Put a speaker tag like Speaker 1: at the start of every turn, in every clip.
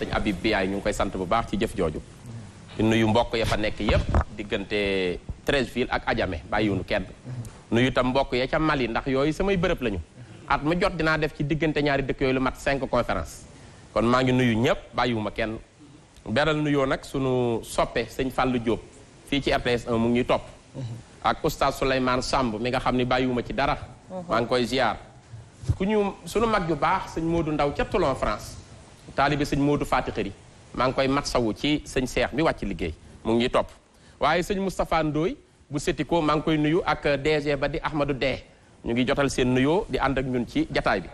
Speaker 1: sëñ Habib Biaye ñu ngi koy sant bu baax ci jëf jooju di nuyu mbokk ya fa nekk yépp diggante Treichville ak Adjamé bàyyiwunu kenn nuyu itam mbokk ya ca Mali ndax yooyu samay bërëb lañu at mu jot dinaa def ci diggante ñaari dëkk yooyu lu mat cinq conférence kon maa ngi nuyu ñëpp bàyyiwuma kenn beral nuyoo nag sunu soppee sëñ Fallou jóob fii ci RTS 1 mu ngi topp ak oustaz Souleymane Samb mi nga xam ne bàyyiwuma ci dara maa ngi koy ziar ku ñu sunu mag yu baax sëñ Modou Ndaw ca taalibe sëñ Modou Faati Xëri maa ngi koy mat sawu ci sëñ Seex mi wàcc liggéey mu ngi topp waaye sëñ Moustapha Ndooy bu setikoo maa ngi koy nuyu ak DG ba di Ahmadou Dee ñu ngi jotal seen nuyoo di ànd ak ñun ci jataay bi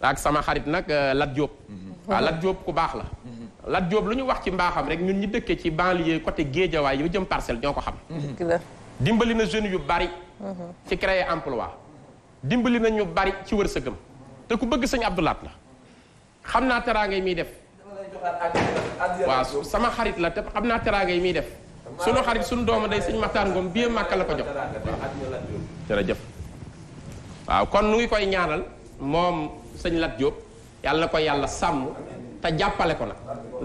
Speaker 1: ak sama xarit nag euh, Lat Diop mm-hmm. waaw Lat Diop ku baax la mm-hmm. Lat Diop lu ñu wax ci mbaaxam rek ñun ñu dëkkee ci banlieue côté Géejawaay yu jëm parcelle ñoo ko xam mm-hmm. dimbali na jeunes yu bari ci créer emploi dimbali na ñu bari ci wërsëgam te ku bëgg sëñ Abdou Lahat xam naa teraanga yi muy def. waa sama xarit la te xam naa teraanga yi muy def. sunu xarit sunu doomu day sëñ Maxtaar Ngom bii màkka la ko jox. jërëjëf. waaw kon nu ngi koy ñaanal moom sëñ Lat Diop yàlla na ko yàlla sàmm. te jàppale ko nag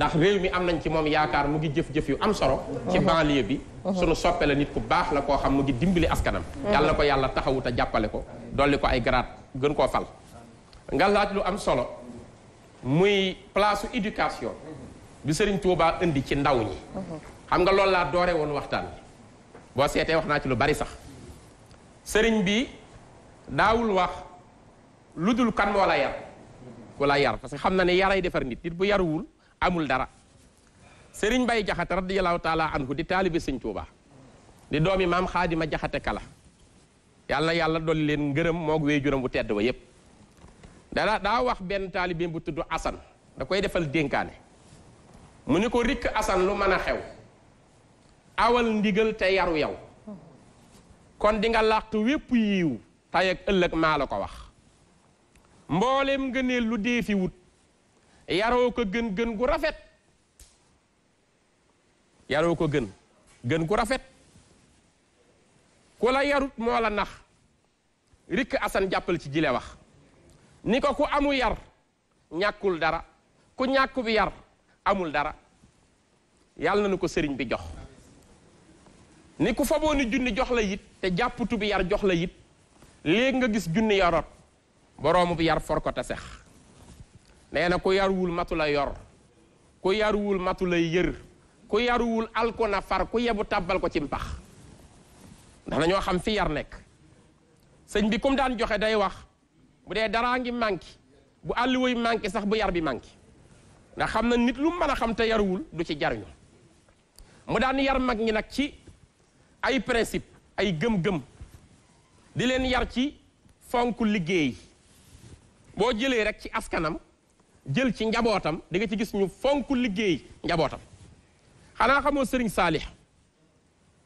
Speaker 1: ndax réew mi am nañ ci moom yaakaar mu ngi jëf-jëf yu am solo ci banlieue bi sunu soppe la nit ku baax la koo xam mu ngi dimbali askanam yàlla na ko yàlla taxawu te jàppale ko dolli ko ay garaat gën koo fal nga laaj muy place éducation bi sëriñ Touba indi ci ndaw ñi xam nga loolu laa doore woon waxtaan bi boo seetee wax naa ci lu bari sax sëriñ bi daawul wax lu dul kan moo la yar ku la yar parce que xam na ne yaray defar nit nit bu yaruwul amul dara sëriñ Bay Jaxate radiyallahu taala anhu di taalibe Sëriñ Tuuba di doom doomi maam Xaadima Jaxate kala yàlla yàlla dolli leen ngërëm moog wéejuram bu tedd ba yépp dara daa wax benn taalibeem bu tudd Assane da koy defal dénkaane mu ni ko rikk Assane lu mën a xew awal ndigal te yaru yow kon di nga làqtu wépp yiiw tay ak ëllëg maa la ko wax mbooleem ngëneel lu dee fi wut yaroo ko gën gën gu rafet yaroo ko gën gën gu rafet ku la yarut moo la nax rikk Assane jàppal ci jile wax ni ko ku amu yar ñàkkul dara ku ñàkku bi yar amul dara yàlla na nu ko sëriñ bi jox ni ku faboo ni junni jox la yit te jàpputu bi yar jox la yit léegi nga gis junni yoroot boroomu bi yar for sex nee na ku yaruwul matu la yor ku yaruwul matu lay yër ku yaruwul alko na far ku yebu tàbbal ko ci mpax ndax dañoo xam fi yar nekk sëñ bi comme daan joxe day wax bu dee daraa ngi manqué bu àlluway manqué sax bu yar bi manqué ndax xam na nit lu mën a xam te yaruwul du ci jariñu mu daan yar mag ñi nag ci ay principe ay gëm-gëm di leen yar ci fonk liggéey boo jëlee rek ci askanam jël ci njabootam di ci gis ñu fonk liggéey njabootam xanaa xamoo sëriñ saalix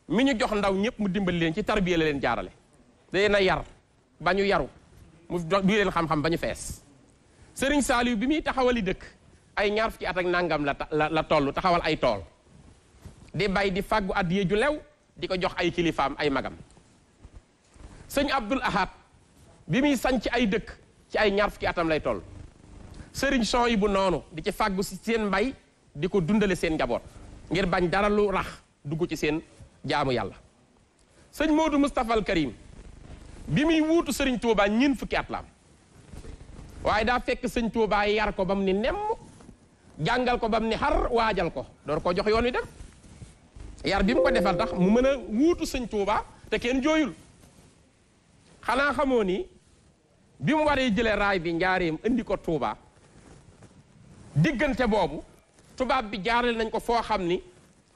Speaker 1: mi ñu jox ndaw ñëpp mu dimbali leen ci tarbiya la leen jaarale day na yar ba ñu yaru mu duy leen xam-xam ba fees Serigne Saliou bi muy taxawali dëkk ay ñaar fukki nangam la la la taxawal ay tool di bay di fàggu addiye ju lew di ko jox ay kilifaam ay magam sëñ Abdul Ahad bi muy sañ ci ay dëkk ci ay ñaar atam lay toll sëriñ son yi bu noonu di ci fàggu si seen mbay di ko dundale seen njaboot ngir bañ dara lu rax dugg ci seen jaamu yàlla sëñ moodu Moustapha al Karim bi muy wuutu sëriñ Touba ñin fukki at la am waaye daa fekk sëñ Touba yar ko ba mu ni nemm jàngal ko ba mu ni xar waajal ko door koo jox yoon wi dem yar bi mu ko defal tax mu mën a wuutu sëñ tuubaa te kenn jooyul xanaa xamoo nii bi mu waree jële raay bi mu indi ko Touba diggante boobu tubaab bi jaaral nañ ko foo xam ni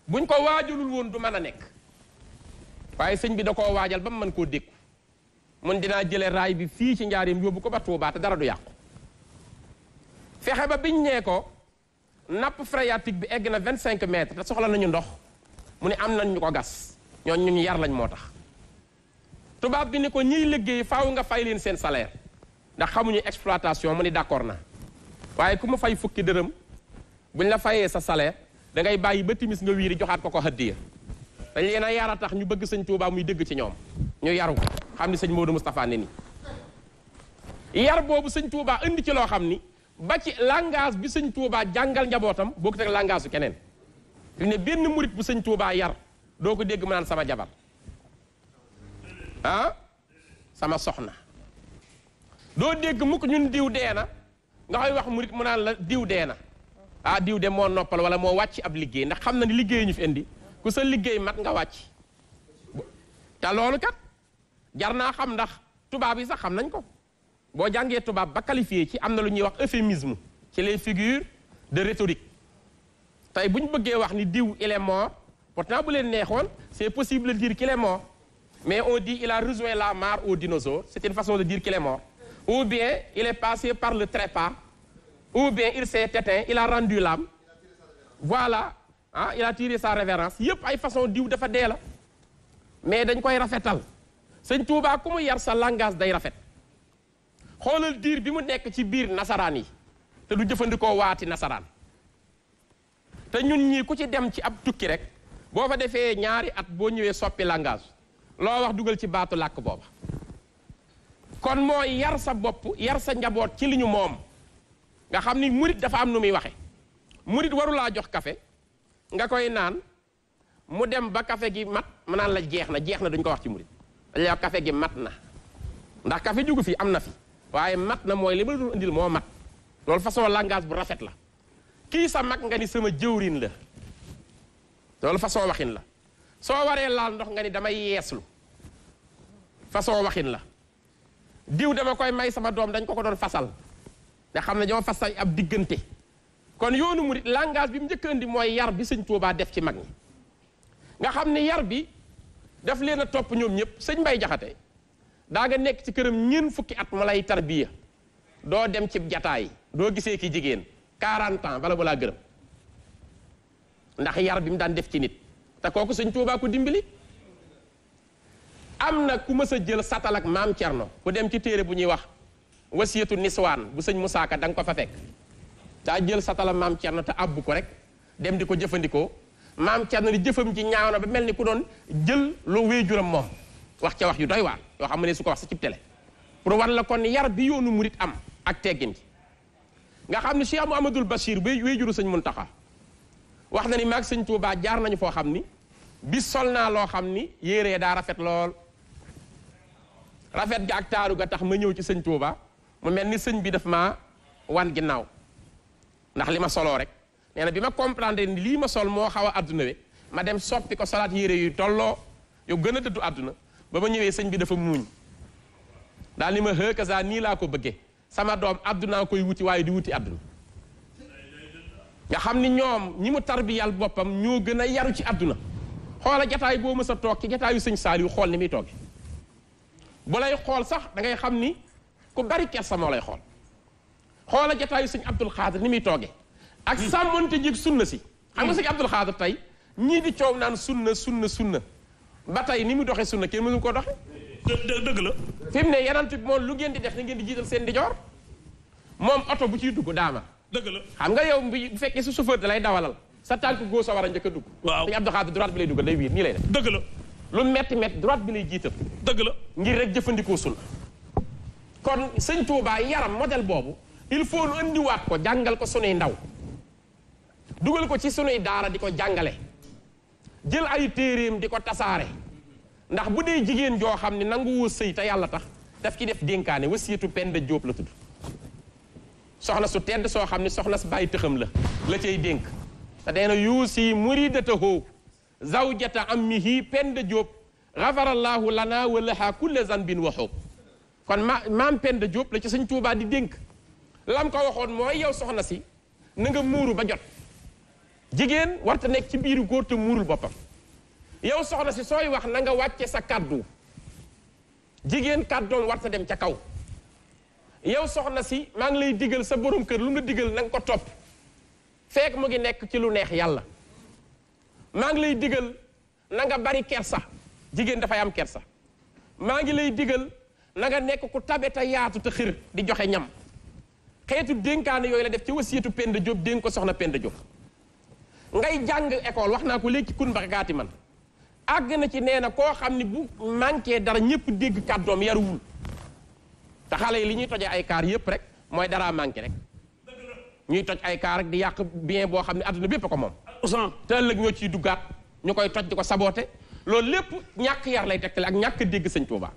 Speaker 1: buñ ko waajalul woon du mën a nekk waaye sëñ bi da koo waajal ba mu mën koo dékku mun dinaa jële raay bi fii ci njaarim yóbbu ko ba Tuubaa te dara du yàqu fexe ba biñ nee ko nappe phréatique bi egg na vingt cinq mètres te soxla nañu ndox mu ne am nañ ñu ko gas ñooñ ñu yar lañ moo tax tubaab bi ni ko ñiy liggéey faw nga fay leen seen salaire ndax xamuñu exploitation mu ni d'accord na waaye ku mu fay fukki dërëm buñ la fayee sa salaire da ngay bàyyi ba timis nga wiiri joxaat ko ko hëddiya dañ leen a yar a tax ñu bëgg sëñ Tuubaa muy dëgg ci ñoom ñu yaru xam ni sëñ Modou Moustapha ne nii yar boobu sëñ Touba indi ci loo xam ni ba ci langage bi sëñ Touba jàngal njabootam boo ko teg langage su keneen fi benn murit bu sëñ Touba yar doo ko dégg mu naan sama jabar ah sama soxna doo dégg mukk ñun diw dee na nga koy wax murit mu naan la diw dee na ah diw de moo noppal wala moo wàcc ab liggéey ndax xam na ni liggéey ñu fi indi ku sa liggéey mat nga wàcc te loolu kat. jar naa xam ndax tubaab yi sax xam nañ ko boo jàngee tubaab ba qualifié ci am na lu ñuy wax euphémisme ci les figures de rhétorique tey bu ñu bëggee wax ni diw il est mort pourtant bu leen neexoon c' est possible de dire qu'il mais au dit il a rejoint la mar au dinosaures c' est une façon de dire qu'il au bien il est passé par le trépas au bien il s'est éteint il a rendu l'âme voilà ah il a tiré sa révérence yëpp ay façon diw dafa dee la mais dañ koy rafetal sëñ Touba ku mu yar sa langaas day rafet xoolal diir bi mu nekk ci biir nasaraan yi te du jëfandikoo waati nasaraan te ñun ñii ku ci dem ci ab tukki rek boo fa defee ñaari at boo ñëwee soppi langaas loo wax dugal ci baatu làkk booba kon mooy yar sa bopp yar sa njaboot ci li ñu moom nga xam ni murit dafa am nu muy waxe murit warulaa jox kafe nga koy naan mu dem ba kafe gi mat mu naan la jeex na jeex na duñ ko wax ci murit dañu café gi mat na ndax café jugu fi am na fi waaye mat na mooy li ma doon moo mat loolu façon langage bu rafet la kii sa mag nga ni sama jëwrin la loolu façon waxin la soo waree laal ndox nga ni damay yeeslu façon waxin la diw dama koy may sama doom dañ ko ko doon fasal te xam ne ñoo fasal ab diggante kon yoonu murit langage bi mu njëkk andi mooy yar bi sëñ Tuubaa def ci mag ñi nga xam ne yar bi def leen topp ñoom ñëpp sëñ Mbay Jaxate daa nga nekk ci këram ñeen fukki at ma lay tarbiya doo dem ci jataay doo gisee ki jigéen 40 ans bala bu laa gërëm ndax yar bi mu daan def ci nit te kooku sëñ Tuubaa ko dimbali am na ku mës a jël satal ak maam Cerno ku dem ci téere bu ñuy wax wasiyatu niswaan bu sëñ mu saaka da nga ko fa fekk daa jël satala maam Cerno te àbbu ko rek dem di ko jëfandikoo maam Thierno ni jëfam ci ñaaw na ba mel ni ku doon jël lu wéejuram moom wax ca wax yu doy waar yoo xam ne su ko wax sa cib télé pour war la kon yar bi yoonu murit am ak teggin gi nga xam ne Cheikh Mouhamadoul Bachir bay wéejuru sëñ Muntaxa wax na ni maag sëñ Touba jaar nañu foo xam ni bi sol naa loo xam ni yére daa rafet lool rafet ga ak taaru ga tax ma ñëw ci sëñ Touba mu mel ni sëñ bi daf ma wan ginnaaw ndax li ma soloo rek nee bi ma comprendre ni lii ma sol moo xaw a adduna we ma dem soppi ko solaat yére yu tolloo yow gën a dëddu àdduna ba ma ñëwee sëñ bi dafa muuñ daal ni ma hëkasa nii laa ko bëggee sama doom addunaa koy wuti waaye di wuti àdduna nga xam ni ñoom ñi mu tarbiyal boppam ñoo gën a yaru ci àdduna xoola jataay boo mës a toog ci jataayu sëñ Saaliw xool ni muy tooge bu lay xool sax dangay xam ni ku bari kersa moo lay xool xoola jataayu sëñ Abdul Xaadir ni muy tooge ak sàmmonte jig sunna si xam nga sëñ Abdul Xaadir tey ñii di coow naan sunna sunna sunna ba tey ni mu doxee sunna kenn mënu ko doxe dëgg la fi ne yanant bi lu ngeen di def na ngeen di jiital seen di joor moom oto bu ciy dugg daama dëgg la xam nga yow bu fekkee su chauffeur da lay dawalal sa tànk goo sa war a njëkk a dugg waaw sëñ Abdul Xaadir droite bi lay duggal day wiir nii lay def dëgg la lu metti metti droite bi lay jiital dëgg la ngir rek jëfandikoo sunna kon sëñ Tuubaa yaram modèle boobu il faut nu andiwaat ko jàngal ko sunuy ndaw dugal ko ci suñuy daara di ko jàngale jël ay téeréem di ko tasaare ndax bu dee jigéen joo xam ne nangu woo sëy te yàlla tax daf ci def dénkaane wasiyatu Penda Jóob la tudd soxna su tedd soo xam ne soxna su bàyyi tëxam la la cay dénk te dee na yuusi muridatahu zawjata ammihi Penda Jóob gafarallaahu lana wa laha kulla zanbin waxoo kon ma maam Penda Jóob la ci suñ Tuubaa di dénk lam ko waxoon mooy yow soxna si na nga muuru ba jot jigéen warta nekk ci biiru góor te muurul boppam yow soxna si sooy wax na nga wàcce sa kàddu jigéen kàddoom warta dem ca kaw yow soxna si maa ngi lay digal sa borom kër lu mu la digal na ko topp feek mu ngi nekk ci lu neex yàlla maa ngi lay digal na nga bari kersa jigéen dafay am kersa maa ngi lay digal na nga nekk ku tabe te yaatu te xir di joxe ñam xeetu dénkaane yooyu la def ci wasiyatu Penda Diop dénk ko soxna Penda Diop ngay jàng école wax naa ko léegi kun barakaati man àgg na ci nee na koo xam ne bu manqué dara ñëpp dégg kàddoom yaruwul te xale yi li ñuy toje ay kaar yëpp rek mooy dara manqué rek ñuy toj ay kaar rek di yàq bien boo xam ne àdduna bépp ko moom te ëllëg ñoo ciy duggaat ñu koy toj di ko saboote loolu lépp ñàkk yar lay tegtale ak ñàkk dégg sëñ Tuuba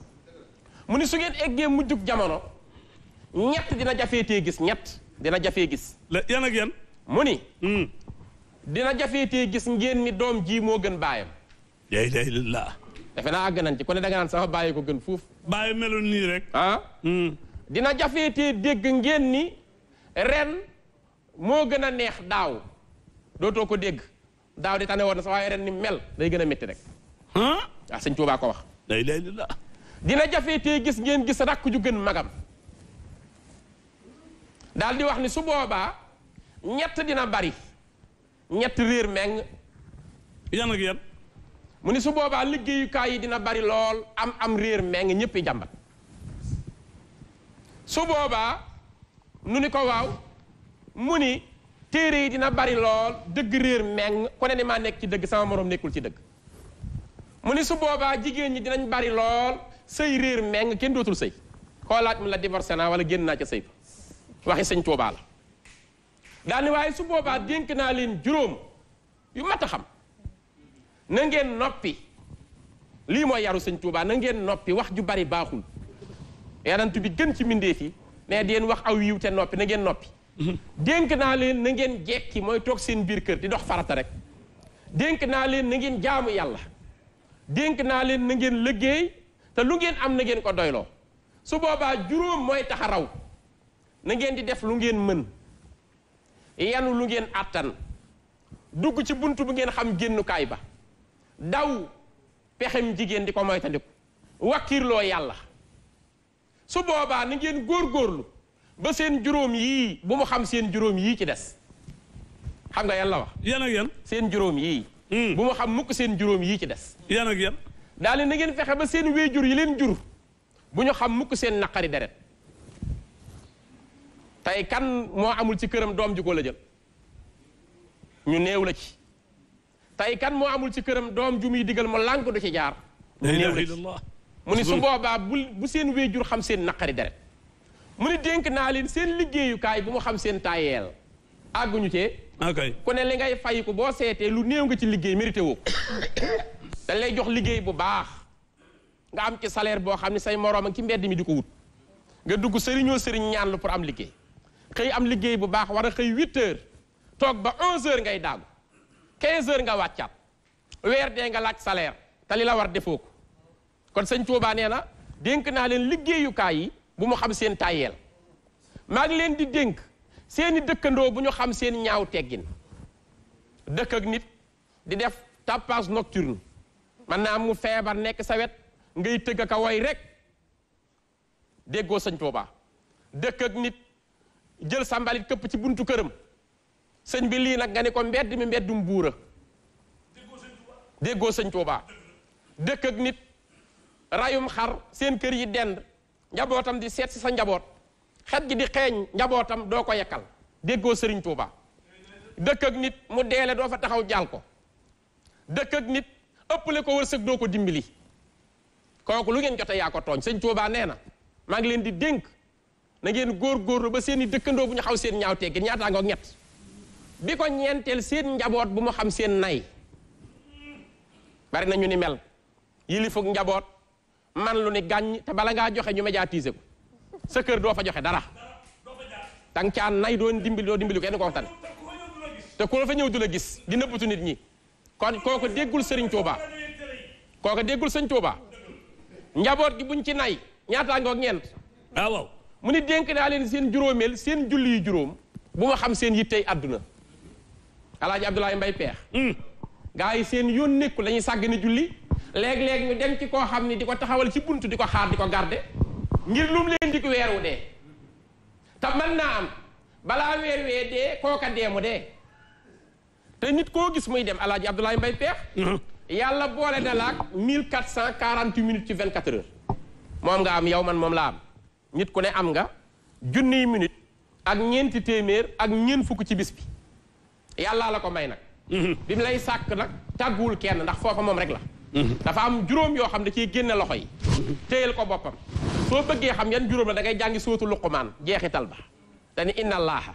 Speaker 1: mu ni su ngeen eggee mujjug jamono ñett dina te gis ñett dina jafee gis la yan ak yan mu ni hmm. dina jafeetee gis ngeen ni doom ji moo gën baayam la defe naa àgg nañ ci ku ne da nga ko gën fuuf bàyyi meloon nii rek ah hmm. dina dégg ngeen ni ren moo gën a neex daaw dootoo ko dégg daaw di tane woon na sa waaye ren mel day gën a métti rek ah sëñ ko wax la ilaha illallah gis ngeen gis rakk ju gën magam daal di wax ni su boobaa ñett dina bari ñett réer meng yan ak mu ni su boobaa liggéeyukaay yi dina bari lool am am réer meng ñépp jàmbat su boobaa nu ni ko waaw mu ni téere yi dina bari lool dëgg réer meng ku ne ni maa nekk ci dëgg sama moroom nekkul ci dëgg mu ni su boobaa jigéen ñi dinañ bari lool sëy réer meng kenn dootul sëy koo laaj mu la divorcé naa wala génn naa ca sëy waxi sëñ Tuubaa la daani waaye su boobaa dénk naa leen juróom yu mat a xam na ngeen noppi lii mooy yaru sëñ Tuubaa na ngeen noppi wax ju bari baaxul yarantu bi gën ci mbindéef yi ne deen wax aw yiw te noppi na ngeen noppi dénk naa leen na ngeen jekki mooy toog seen biir kër di dox farata rek dénk naa leen na ngeen jaamu yàlla dénk naa leen na ngeen liggéey te lu ngeen am na ngeen ko doyloo su boobaa juróom mooy tax a raw na ngeen di def lu ngeen mën yanu lu ngeen àttan dugg ci bunt bu ngeen xam génnukaay ba daw pexem jigéen di ko moytandiku wakkiirloo yàlla su boobaa ni ngeen góorlu ba seen juróom yii bu mu xam seen juróom yii ci des xam nga yàlla wax yan ak yan seen juróom yii hmm. bu mu xam seen juróom yii ci des yan ak yan daal na ngeen fexe ba seen jur yi leen jur bu ñu xam mukk seen naqari deret tey kan moo amul ci këram doom ju ko la ñu néew la ci tey kan moo amul ci këram doom ju muy digal mu lànk du ci jaar ñu néew la ci mu ni su boobaa bu bu seen wéejur xam seen naqari deret mu ni dénk naa leen seen liggéeyukaay bu mu xam seen taayeel àgguñu cee ku ne li ngay fay ko boo seetee lu néew nga ci liggéey mérité woo lay jox liggéey bu baax nga am ci salaire boo xam ne say moroom ak ci mbedd mi di ko wut nga dugg sëriñoo sëriñ ñaan lu pour am liggéey xëy am liggéey bu baax war a xëy huit heures toog ba onze heures ngay daagu quinze heures nga wàccaat weer dee nga laaj salaire te li la war defoo ko kon sëñ Tuubaa nee na dénk naa leen liggéeyukaay yi bu mu xam seen tàyyeel maa ngi leen di dénk seeni dëkkandoo bu ñu xam seen ñaaw teggin dëkk ak nit di def tapage nocturne man naa mu feebar nekk sa wet ngay tëgg a woy rek déggoo sëñ Tuubaa dëkk ak nit jël sa mbalit këpp ci buntu këram sëñ bi lii nag nga ne ko mbedd mi mbeddum buura déggoo sëñ Tuuba dëkk ak nit rayum xar seen kër yi dend njabootam di seet si sa njaboot xet gi di xeeñ njabootam doo ko yekkal déggoo sëriñ Tuuba dëkk nit mu deele doo fa taxaw jaal ko dëkk ak nit ëpple ko wërsëg doo ko dimbali kooku lu ngeen jote yaa ko tooñ sëñ Tuuba nee na maa ngi leen di dénk na ngeen góorgóorlu ba seen i dëkkandoo bu ñu xaw seen ñaaw teggin ñaata ngoog ñett bi ko ñeenteel seen njaboot bu mu xam seen nay bari na ñu ni mel yilifug njaboot man lu ni gàññ te bala ngaa joxe ñu médiatiser ko sa kër doo fa joxe dara danga caa nay doo dimbali doo dimbali kenn ko waxtaan te ku la ñëw du la gis dina nëbbatu nit ñi kon kooko déggul sëriñ Touba déggul sëriñ Touba njaboot gi buñ ci nay ñaataangoog ñeent ah, waaw mu ne denk naa leen seen juróomeel seen julli yu juróom bu ma xam seen yittey àdduna alaaji Abdoulaye Mbay peex hmm. gaa yi seen yoon nekku la ñuy sàgg ne julli léeg-léeg ñu dem ci koo xam ne di ko taxawal ci bunt di ko xaar di ko garde ngir lum leen di ko weeru de te man naa am balaa weer wee dee kooka dee mu dee te nit koo gis muy dem alaaji Abdoulaye Mbay peex hmm. yàlla boole na laak mille quatre cent quarante minutes ci vingt quatre heures moom nga am yow man moom laa am nit ku ne am nga junniy minute ak ñeenti téeméer ak ñeent fukk ci bis bi yàllaa la ko may nag mhm. bi mu lay sàkk nag tàgguwul kenn ndax foofa moom rek la mhm. am juróom yoo xam da ciy génne loxo yi téyel ko boppam soo bëggee xam yan juróom la da ngay jàngi sóotu luqumaan jeexital ba te ni inna allaha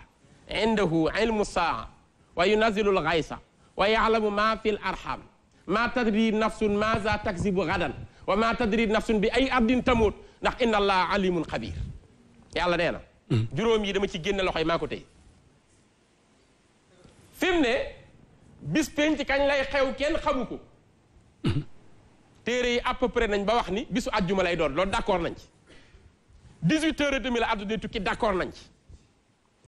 Speaker 1: indahu ilmu saa wa yunazilu lgaysa wa yaalamu ma fi l arham ma tadri nafsun maza taksibu gadan wa ma tadri nafsun bi ay ardin tamut ndax inna allah alimun xabir yàlla nee na juróom yi dama ci génne loxoy maa ko tey fi mu ne bis penc kañ lay xew kenn xamu ko téere yi à près nañ ba wax ni bisu àjjuma lay doon loolu d'accord nañ ci 18 heures et demie la àdduna tukki d'accord nañ ci